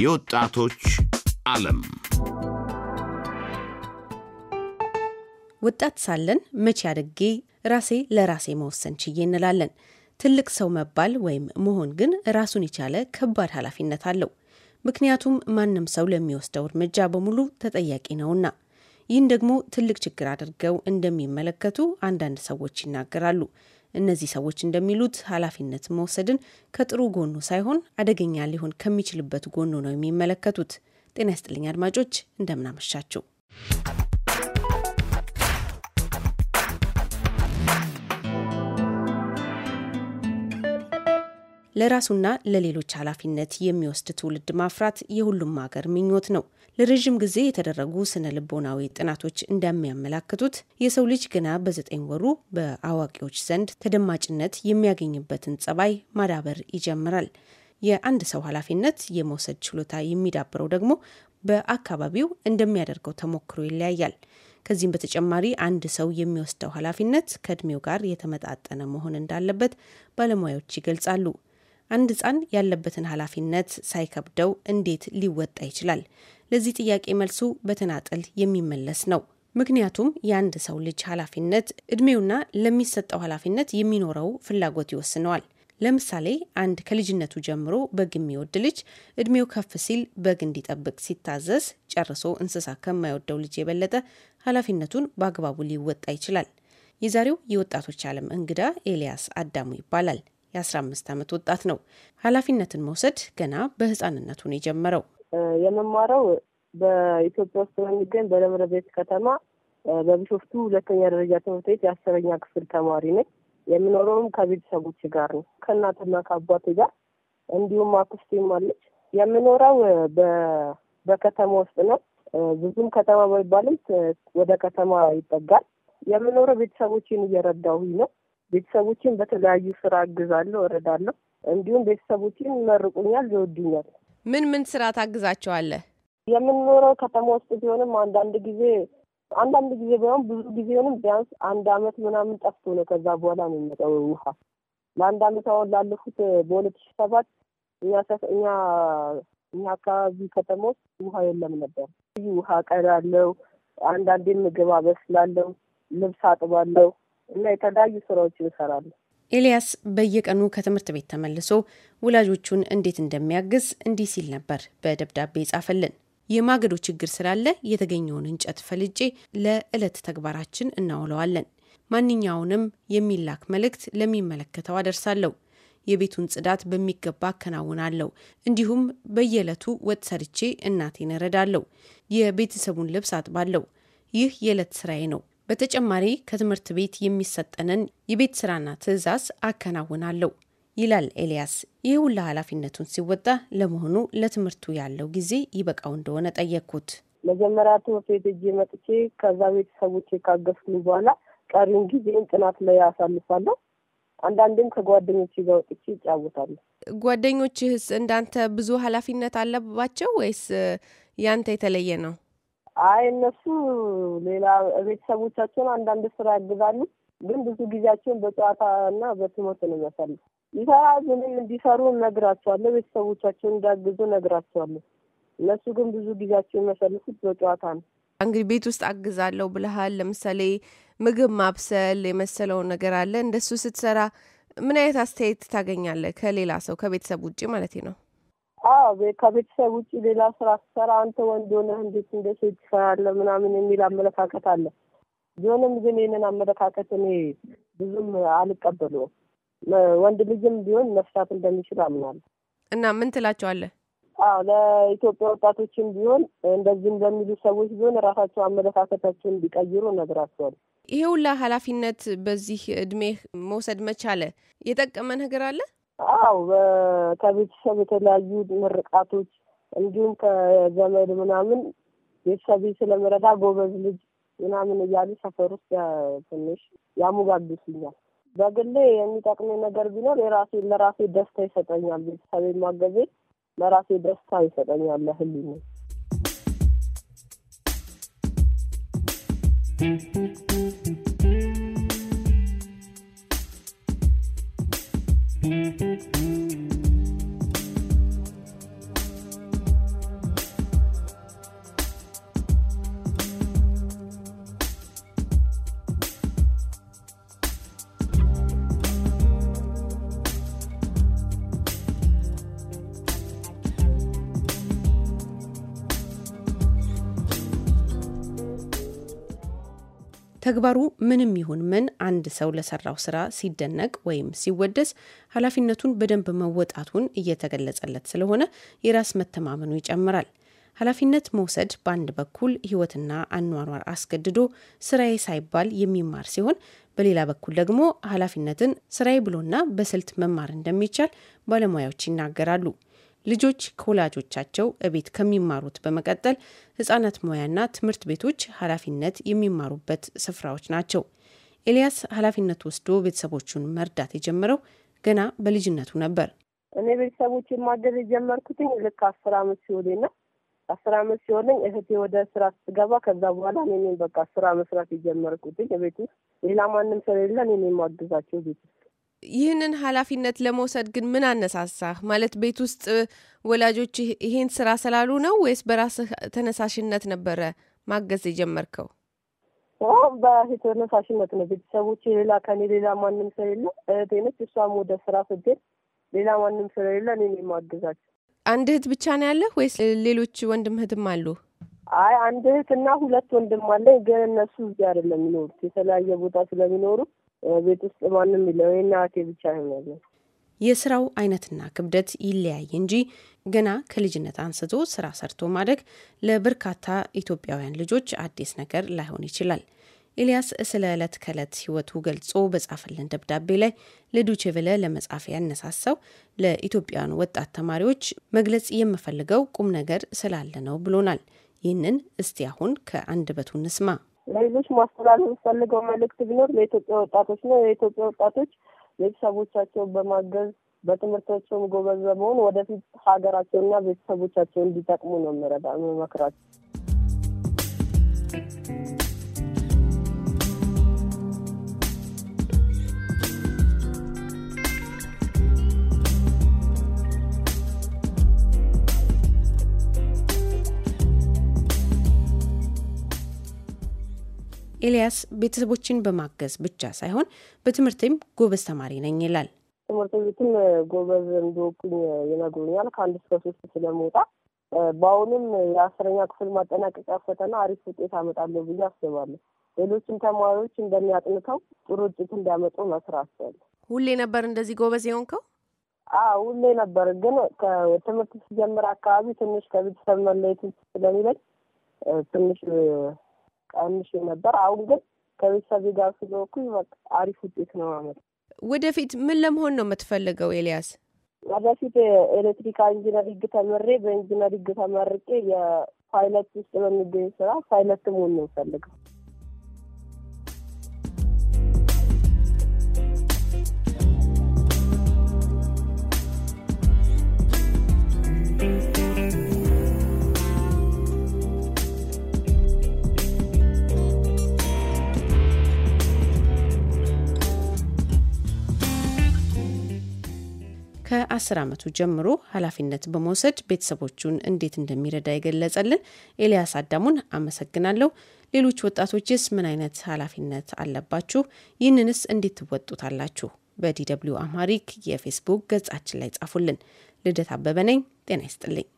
የወጣቶች ዓለም ወጣት ሳለን መቼ አድጌ ራሴ ለራሴ መወሰን ችዬ እንላለን። ትልቅ ሰው መባል ወይም መሆን ግን ራሱን የቻለ ከባድ ኃላፊነት አለው። ምክንያቱም ማንም ሰው ለሚወስደው እርምጃ በሙሉ ተጠያቂ ነውና። ይህን ደግሞ ትልቅ ችግር አድርገው እንደሚመለከቱ አንዳንድ ሰዎች ይናገራሉ። እነዚህ ሰዎች እንደሚሉት ኃላፊነት መውሰድን ከጥሩ ጎኑ ሳይሆን አደገኛ ሊሆን ከሚችልበት ጎኑ ነው የሚመለከቱት። ጤና ይስጥልኝ አድማጮች፣ እንደምናመሻችው ለራሱና ለሌሎች ኃላፊነት የሚወስድ ትውልድ ማፍራት የሁሉም ሀገር ምኞት ነው። ለረዥም ጊዜ የተደረጉ ስነ ልቦናዊ ጥናቶች እንደሚያመላክቱት የሰው ልጅ ገና በዘጠኝ ወሩ በአዋቂዎች ዘንድ ተደማጭነት የሚያገኝበትን ጸባይ ማዳበር ይጀምራል። የአንድ ሰው ኃላፊነት የመውሰድ ችሎታ የሚዳብረው ደግሞ በአካባቢው እንደሚያደርገው ተሞክሮ ይለያያል። ከዚህም በተጨማሪ አንድ ሰው የሚወስደው ኃላፊነት ከእድሜው ጋር የተመጣጠነ መሆን እንዳለበት ባለሙያዎች ይገልጻሉ። አንድ ህፃን ያለበትን ኃላፊነት ሳይከብደው እንዴት ሊወጣ ይችላል? ለዚህ ጥያቄ መልሱ በተናጠል የሚመለስ ነው። ምክንያቱም የአንድ ሰው ልጅ ኃላፊነት እድሜውና ለሚሰጠው ኃላፊነት የሚኖረው ፍላጎት ይወስነዋል። ለምሳሌ አንድ ከልጅነቱ ጀምሮ በግ የሚወድ ልጅ እድሜው ከፍ ሲል በግ እንዲጠብቅ ሲታዘዝ ጨርሶ እንስሳ ከማይወደው ልጅ የበለጠ ኃላፊነቱን በአግባቡ ሊወጣ ይችላል። የዛሬው የወጣቶች ዓለም እንግዳ ኤልያስ አዳሙ ይባላል። የ15 ዓመት ወጣት ነው። ኃላፊነትን መውሰድ ገና በህፃንነቱን የጀመረው። የመማረው በኢትዮጵያ ውስጥ በሚገኝ በደብረ ዘይት ከተማ በቢሾፍቱ ሁለተኛ ደረጃ ትምህርት ቤት የአስረኛ ክፍል ተማሪ ነኝ። የምኖረውም ከቤተሰቦች ጋር ነው፣ ከእናትና ከአባቴ ጋር እንዲሁም አክስቴም አለች። የምኖረው በከተማ ውስጥ ነው። ብዙም ከተማ ባይባልም ወደ ከተማ ይጠጋል። የምኖረው ቤተሰቦችን እየረዳሁኝ ነው። ቤተሰቦችን በተለያዩ ስራ አግዛለሁ፣ እረዳለሁ። እንዲሁም ቤተሰቦችን ይመርቁኛል፣ ይወዱኛል። ምን ምን ስራ ታግዛቸዋለህ? የምንኖረው ከተማ ውስጥ ቢሆንም አንዳንድ ጊዜ አንዳንድ ጊዜ ቢሆን ብዙ ጊዜውንም ቢያንስ አንድ አመት ምናምን ጠፍቶ ነው። ከዛ በኋላ ነው የሚመጣው ውሃ ለአንድ አመት አሁን ላለፉት በሁለት ሺ ሰባት እኛ እኛ እኛ አካባቢ ከተማ ውስጥ ውሃ የለም ነበር። ውሃ ቀዳለው፣ አንዳንዴ ምግብ አበስላለው፣ ልብስ አጥባለው እና የተለያዩ ስራዎችን እሰራለሁ። ኤልያስ በየቀኑ ከትምህርት ቤት ተመልሶ ወላጆቹን እንዴት እንደሚያግዝ እንዲህ ሲል ነበር በደብዳቤ ጻፈልን። የማገዶ ችግር ስላለ የተገኘውን እንጨት ፈልጬ ለዕለት ተግባራችን እናውለዋለን። ማንኛውንም የሚላክ መልእክት ለሚመለከተው አደርሳለሁ። የቤቱን ጽዳት በሚገባ አከናውናለሁ። እንዲሁም በየዕለቱ ወጥ ሰርቼ እናቴን እረዳለሁ። የቤተሰቡን ልብስ አጥባለሁ። ይህ የዕለት ስራዬ ነው። በተጨማሪ ከትምህርት ቤት የሚሰጠንን የቤት ስራና ትዕዛዝ አከናውናለሁ ይላል ኤልያስ። ይህ ሁላ ኃላፊነቱን ሲወጣ ለመሆኑ ለትምህርቱ ያለው ጊዜ ይበቃው እንደሆነ ጠየቅኩት። መጀመሪያ ትምህርት ቤት እጅ መጥቼ ከዛ ቤተሰቦቼ ካገፍኩኝ በኋላ ቀሪውን ጊዜን ጥናት ላይ አሳልፋለሁ። አንዳንዴም ከጓደኞች ጋር ወጥቼ ይጫወታሉ። ጓደኞችህስ እንዳንተ ብዙ ኃላፊነት አለባቸው ወይስ ያንተ የተለየ ነው? አይ እነሱ ሌላ ቤተሰቦቻቸውን አንዳንድ ስራ ያግዛሉ፣ ግን ብዙ ጊዜያቸውን በጨዋታ እና በትምህርት ነው የሚያሳልፉ። ይሰራ ምንም እንዲሰሩ ነግራቸዋለሁ፣ ቤተሰቦቻቸውን እንዲያግዙ ነግራቸዋለሁ። እነሱ ግን ብዙ ጊዜያቸው የሚያሳልፉት በጨዋታ ነው። እንግዲህ ቤት ውስጥ አግዛለሁ ብለሃል። ለምሳሌ ምግብ ማብሰል የመሰለውን ነገር አለ። እንደሱ ስትሰራ ምን አይነት አስተያየት ታገኛለህ? ከሌላ ሰው ከቤተሰብ ውጭ ማለት ነው። ከቤተሰብ ውጭ ሌላ ስራ ትሰራ፣ አንተ ወንድ ሆነህ እንዴት እንደ ሴት ትሰራለህ ምናምን የሚል አመለካከት አለ። ቢሆንም ግን ይህንን አመለካከት እኔ ብዙም አልቀበለውም። ወንድ ልጅም ቢሆን መፍታት እንደሚችል አምናለሁ። እና ምን ትላቸዋለህ? አዎ ለኢትዮጵያ ወጣቶችም ቢሆን እንደዚህም ለሚሉ ሰዎች ቢሆን ራሳቸው አመለካከታቸውን እንዲቀይሩ ነግራቸዋል። ይሄ ሁላ ኃላፊነት በዚህ እድሜ መውሰድ መቻለ የጠቀመ ነገር አለ? አው ከቤተሰብ የተለያዩ ምርቃቶች እንዲሁም ከዘመድ ምናምን ቤተሰብ ስለምረዳ ጎበዝ ልጅ ምናምን እያሉ ሰፈር ውስጥ ትንሽ ያሙጋግሱኛል። በግሌ የሚጠቅሜ ነገር ቢኖር የራሴ ለራሴ ደስታ ይሰጠኛል። ቤተሰብ ማገዜ ለራሴ ደስታ ይሰጠኛል ለህሊኔ ነው። Mm-hmm. ተግባሩ ምንም ይሁን ምን አንድ ሰው ለሰራው ስራ ሲደነቅ ወይም ሲወደስ ኃላፊነቱን በደንብ መወጣቱን እየተገለጸለት ስለሆነ የራስ መተማመኑ ይጨምራል። ኃላፊነት መውሰድ በአንድ በኩል ህይወትና አኗኗር አስገድዶ ስራዬ ሳይባል የሚማር ሲሆን በሌላ በኩል ደግሞ ኃላፊነትን ስራዬ ብሎና በስልት መማር እንደሚቻል ባለሙያዎች ይናገራሉ። ልጆች ከወላጆቻቸው እቤት ከሚማሩት በመቀጠል ህጻናት ሙያና ትምህርት ቤቶች ኃላፊነት የሚማሩበት ስፍራዎች ናቸው። ኤልያስ ኃላፊነት ወስዶ ቤተሰቦቹን መርዳት የጀመረው ገና በልጅነቱ ነበር። እኔ ቤተሰቦች ማገዝ የጀመርኩትኝ ልክ አስር አመት ሲሆነኝ ነው። አስር አመት ሲሆነኝ እህቴ ወደ ስራ ስትገባ ከዛ በኋላ እኔ በቃ ስራ መስራት የጀመርኩትኝ ቤት ውስጥ ሌላ ማንም ስለሌለ እኔ ማግዛቸው ቤት ውስጥ ይህንን ኃላፊነት ለመውሰድ ግን ምን አነሳሳህ? ማለት ቤት ውስጥ ወላጆች ይህን ስራ ስላሉ ነው ወይስ በራስህ ተነሳሽነት ነበረ ማገዝ የጀመርከው? ተነሳሽነት ነው። ቤተሰቦች ሌላ ከኔ ሌላ ማንም ስለሌለ እህቴ ነች። እሷም ወደ ስራ ስገድ ሌላ ማንም ስለሌለ እኔ የማግዛቸው። አንድ እህት ብቻ ነው ያለህ ወይስ ሌሎች ወንድም እህትም አሉ? አይ አንድ እህት እና ሁለት ወንድም አለኝ። ግን እነሱ እዚህ አይደለም የሚኖሩት የተለያየ ቦታ ስለሚኖሩት ቤት ውስጥ ማንም የለም፣ እናቴ ብቻ ነው ያለው። የስራው አይነትና ክብደት ይለያይ እንጂ ገና ከልጅነት አንስቶ ስራ ሰርቶ ማደግ ለበርካታ ኢትዮጵያውያን ልጆች አዲስ ነገር ላይሆን ይችላል። ኤልያስ ስለ ዕለት ከዕለት ህይወቱ ገልጾ በጻፈልን ደብዳቤ ላይ ብለ ለመጻፍ ያነሳሳው ለኢትዮጵያውያኑ ወጣት ተማሪዎች መግለጽ የምፈልገው ቁም ነገር ስላለ ነው ብሎናል። ይህንን እስቲ አሁን ከአንደበቱ እንስማ። ለሌሎች ማስተላለፍ የምፈልገው መልእክት ቢኖር ለኢትዮጵያ ወጣቶች ነው። የኢትዮጵያ ወጣቶች ቤተሰቦቻቸውን በማገዝ በትምህርታቸውም ጎበዝ በመሆን ወደፊት ሀገራቸውና ቤተሰቦቻቸው እንዲጠቅሙ ነው የምረዳ መመክራቸው። ኤልያስ ቤተሰቦችን በማገዝ ብቻ ሳይሆን በትምህርቴም ጎበዝ ተማሪ ነኝ ይላል። ትምህርት ቤትም ጎበዝ እንደወቁኝ ይነግሩኛል። ከአንድ እስከ ሶስት ስለመውጣ በአሁንም የአስረኛ ክፍል ማጠናቀቂያ ፈተና አሪፍ ውጤት አመጣለሁ ብዬ አስባለሁ። ሌሎችም ተማሪዎች እንደሚያጥንተው ጥሩ ውጤት እንዲያመጡ መስራት ሁሌ ነበር እንደዚህ ጎበዝ የሆንከው? ሁሌ ነበር፣ ግን ትምህርት ሲጀምር አካባቢ ትንሽ ከቤተሰብ መለየት ስለሚለኝ ትንሽ ቀንሽ ነበር። አሁን ግን ከቤተሰብ ጋር ስለሆንኩኝ አሪፍ ውጤት ነው ማለት ወደፊት ምን ለመሆን ነው የምትፈልገው ኤልያስ? ወደፊት ኤሌክትሪካ ኢንጂነሪንግ ተምሬ በኢንጂነሪንግ ተመርቄ የፓይለት ውስጥ በሚገኝ ስራ ፓይለት መሆን ነው የምፈልገው። ከአስር ዓመቱ ጀምሮ ኃላፊነት በመውሰድ ቤተሰቦቹን እንዴት እንደሚረዳ የገለጸልን ኤልያስ አዳሙን አመሰግናለሁ። ሌሎች ወጣቶችስ ምን አይነት ኃላፊነት አለባችሁ? ይህንንስ እንዴት ትወጡታላችሁ? በዲ ደብልዩ የፌስቡክ ገጻችን ላይ ጻፉልን። ልደት አበበ ነኝ። ጤና ይስጥልኝ።